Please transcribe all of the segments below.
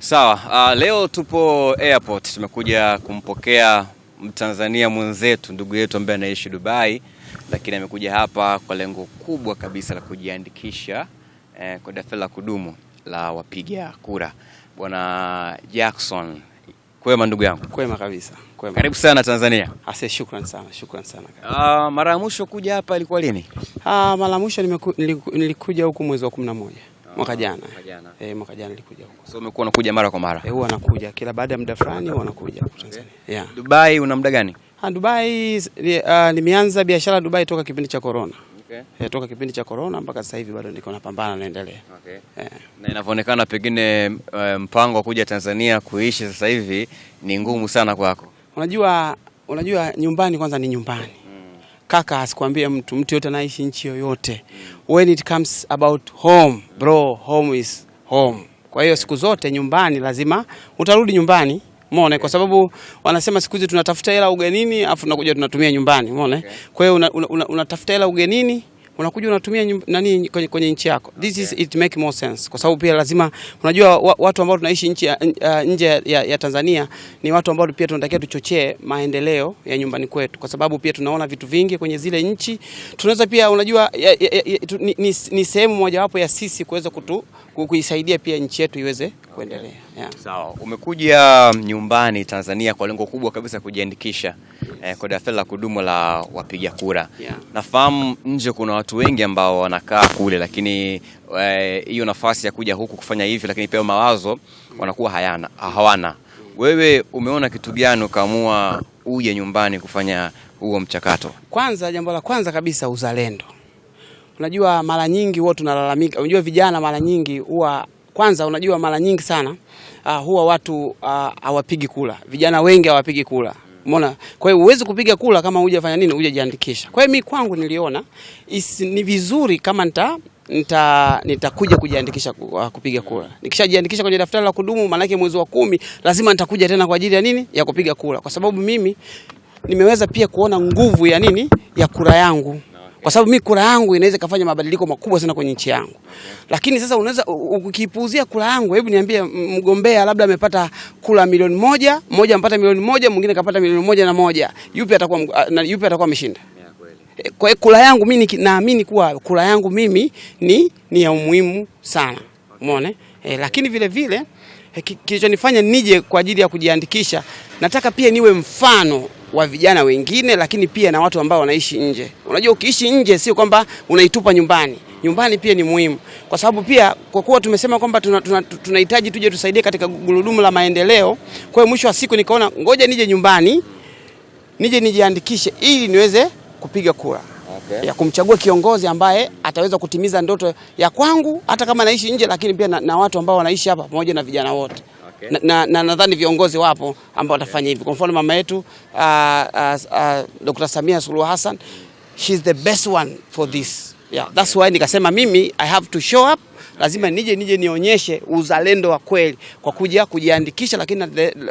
Sawa, uh, leo tupo airport, tumekuja kumpokea Mtanzania mwenzetu ndugu yetu ambaye anaishi Dubai, lakini amekuja hapa kwa lengo kubwa kabisa la kujiandikisha eh, kwa daftari la kudumu la wapiga kura. Bwana Jackson, kwema ndugu yangu? Kwema kabisa, kwema. Karibu sana Tanzania. Asante, shukrani sana, shukrani sana. Uh, mara ya mwisho kuja hapa ilikuwa lini? Ah, mara ya mwisho nilikuja huku mwezi wa 11 mwaka jana eh, mwaka jana nilikuja huko. So umekuwa unakuja mara kwa mara? Eh, huwa nakuja kila baada ya muda fulani huwa nakuja huko Tanzania. Okay. Yeah. Dubai una muda gani? Ha, ah, Dubai uh, nimeanza biashara Dubai toka kipindi cha corona. Okay. Eh, toka kipindi cha corona mpaka sasa hivi bado niko napambana naendelea. Okay. Eh. Na inavyoonekana pengine eh, mpango wa kuja Tanzania kuishi sasa hivi ni ngumu sana kwako. Unajua unajua nyumbani kwanza ni nyumbani kaka asikwambie mtu, mtu yote anaishi nchi yoyote. When it comes about home, bro, home is home. Kwa hiyo siku zote nyumbani lazima utarudi nyumbani. mone kwa sababu wanasema siku hizi tunatafuta hela ugenini afu tunakuja tunatumia nyumbani. Umeona, kwa hiyo unatafuta hela ugenini unakuja unatumia nani kwenye, kwenye nchi yako. This is it make more sense, kwa sababu pia lazima unajua watu ambao tunaishi nchi ya, uh, nje ya, ya Tanzania ni watu ambao pia tunatakiwa tuchochee maendeleo ya nyumbani kwetu, kwa sababu pia tunaona vitu vingi kwenye zile nchi. Tunaweza pia unajua ya, ya, ya, tu, ni, ni, ni sehemu mojawapo ya sisi kuweza kuisaidia pia nchi yetu iweze kuendelea yeah. Sawa, umekuja nyumbani Tanzania kwa lengo kubwa kabisa kujiandikisha yes. eh, kwa daftari la kudumu la wapiga kura yeah. Nafahamu nje kuna watu wengi ambao wanakaa kule, lakini eh, hiyo eh, nafasi ya kuja huku kufanya hivi, lakini pia mawazo wanakuwa hayana, hawana. Wewe umeona kitu gani ukaamua uje nyumbani kufanya huo mchakato? Kwanza, jambo la kwanza kabisa uzalendo. Unajua mara nyingi huwa tunalalamika, unajua vijana mara nyingi huwa kwanza unajua mara nyingi sana uh, huwa watu ah, hawapigi uh, kula, vijana wengi hawapigi kula mona Kwa hiyo huwezi kupiga kula kama hujafanya nini, hujajiandikisha. Kwa hiyo mimi kwangu niliona isi, ni vizuri kama nita nita nitakuja kujiandikisha ah, kupiga kura. Nikishajiandikisha kwenye daftari la kudumu, maanake mwezi wa kumi lazima nitakuja tena kwa ajili ya nini, ya kupiga kura, kwa sababu mimi nimeweza pia kuona nguvu ya nini ya kura yangu kwa sababu mi kura yangu inaweza kufanya mabadiliko makubwa sana kwenye nchi yangu. Lakini sasa unaweza ukipuuzia kura yangu, hebu niambie, mgombea labda amepata kura milioni moja, mmoja amepata milioni moja, mwingine kapata milioni moja na moja, yupi atakuwa na yupi atakuwa ameshinda? E, kwa hiyo kura yangu mimi naamini kuwa kura yangu mimi ni, ni ya umuhimu sana umeona eh, lakini vile vile e, kilichonifanya nije kwa ajili ya kujiandikisha, nataka pia niwe mfano wa vijana wengine, lakini pia na watu ambao wanaishi nje. Unajua, ukiishi nje sio kwamba unaitupa nyumbani. Nyumbani pia ni muhimu, kwa sababu pia kwa kuwa tumesema kwamba tunahitaji tuna, tuna tuje tusaidie katika gurudumu la maendeleo. Kwa hiyo mwisho wa siku nikaona ngoja nije nyumbani nije nijiandikishe ili niweze kupiga kura okay, ya kumchagua kiongozi ambaye ataweza kutimiza ndoto ya kwangu hata kama naishi nje, lakini pia na, na watu ambao wanaishi hapa pamoja na vijana wote okay. na nadhani na, na viongozi wapo ambao watafanya hivi Kwa mfano mama yetu uh, uh, uh, Dr. Samia Suluhu Hassan she's the best one for this yeah, that's why nikasema mimi I have to show up lazima nije nije nionyeshe uzalendo wa kweli kwa kuja kujiandikisha, lakini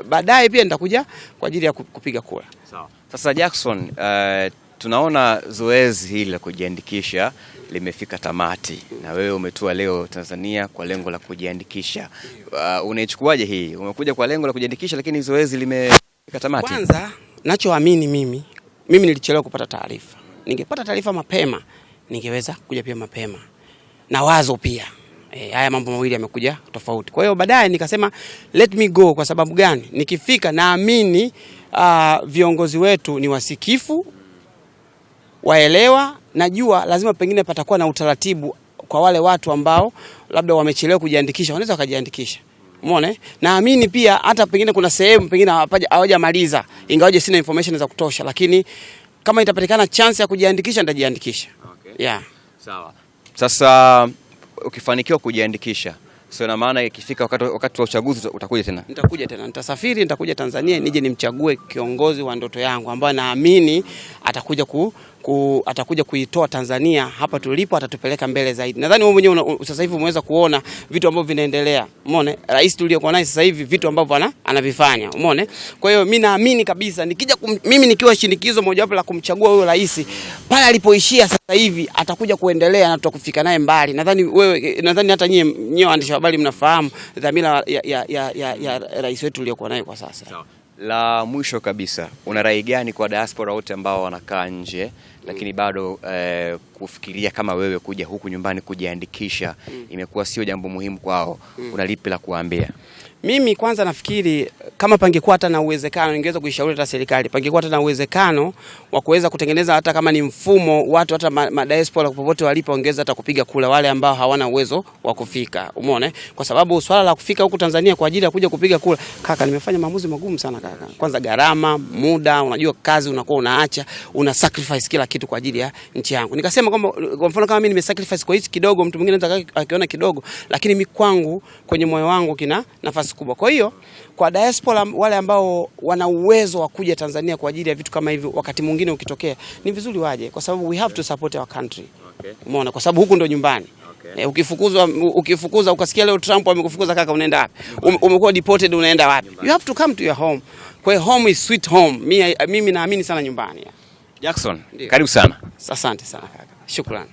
baadaye pia nitakuja kwa ajili ya kupiga kura. Sawa. Sasa Jackson uh, Tunaona zoezi hili la kujiandikisha limefika tamati, na wewe umetua leo Tanzania kwa lengo la kujiandikisha. Uh, unaichukuaje hii? Umekuja kwa lengo la kujiandikisha, lakini zoezi limefika tamati. Kwanza nachoamini mimi, mimi nilichelewa kupata taarifa. Ningepata taarifa mapema, ningeweza kuja pia mapema na wazo pia E, haya mambo mawili yamekuja tofauti. Kwa hiyo baadaye nikasema let me go. Kwa sababu gani? Nikifika naamini uh, viongozi wetu ni wasikifu waelewa. Najua lazima pengine patakuwa na utaratibu kwa wale watu ambao labda wamechelewa kujiandikisha, wanaweza wakajiandikisha. Umeona? Naamini pia hata pengine kuna sehemu pengine hawajamaliza, ingawaje sina information za kutosha, lakini kama itapatikana chance ya kujiandikisha nitajiandikisha. Okay. Yeah. Sawa. Sasa ukifanikiwa kujiandikisha sio na maana ikifika wakati, wakati wa uchaguzi utakuja tena? Nitakuja tena, nitasafiri, nitakuja Tanzania nije nimchague kiongozi wa ndoto yangu ambaye naamini atakuja ku, ku, atakuja kuitoa Tanzania hapa tulipo, atatupeleka mbele zaidi. Nadhani wewe mwenyewe sasa hivi umeweza kuona vitu ambavyo vinaendelea, umeona rais tuliyokuwa naye sasa hivi vitu ambavyo ana, anavifanya umeona. Kwa hiyo mimi naamini kabisa nikija kum, mimi nikiwa shinikizo mojawapo la kumchagua huyo rais pale alipoishia sasa hivi atakuja kuendelea na tutakufika naye mbali. Nadhani wewe, nadhani hata nyie nyie waandishi habari mnafahamu dhamira ya, ya, ya, ya, ya rais wetu uliokuwa naye kwa sasa. La mwisho kabisa, una rai gani kwa diaspora wote ambao wanakaa nje lakini mm. bado eh, kufikiria kama wewe kuja huku nyumbani kujiandikisha mm. imekuwa sio jambo muhimu kwao? Mm. Una lipi la kuambia mimi kwanza nafikiri kama pangekuwa hata na uwezekano, ningeweza kuishauri hata serikali, pangekuwa hata na uwezekano wa kuweza kutengeneza hata kama ni mfumo, watu hata madiaspora popote walipo wangeweza hata kupiga kula, wale ambao hawana uwezo wa kufika, umeona, kwa sababu swala la kufika huku Tanzania kwa ajili ya kuja kupiga kula, kaka, nimefanya maamuzi magumu sana kaka. Kwanza gharama, muda, unajua kazi unakuwa unaacha, una sacrifice kila kitu kwa ajili ya nchi yangu. Nikasema kwamba kwa mfano kama mimi nime sacrifice kwa hichi kidogo, mtu mwingine akiona kidogo, lakini mimi kwangu kwenye moyo wangu kina nafasi nafasi kubwa. Kwa hiyo kwa diaspora wale ambao wana uwezo wa kuja Tanzania kwa ajili ya vitu kama hivi, wakati mwingine ukitokea, ni vizuri waje, kwa sababu we have to support our country. Umeona, kwa sababu huku ndo nyumbani. Okay. E, ukifukuzwa ukifukuza ukasikia leo Trump amekufukuza kaka, unaenda wapi? Um, umekuwa deported unaenda wapi? You have to come to your home. Kwa hiyo home is sweet home. Mi, mimi naamini sana nyumbani. Jackson, karibu sana. Asante sana kaka. Shukrani.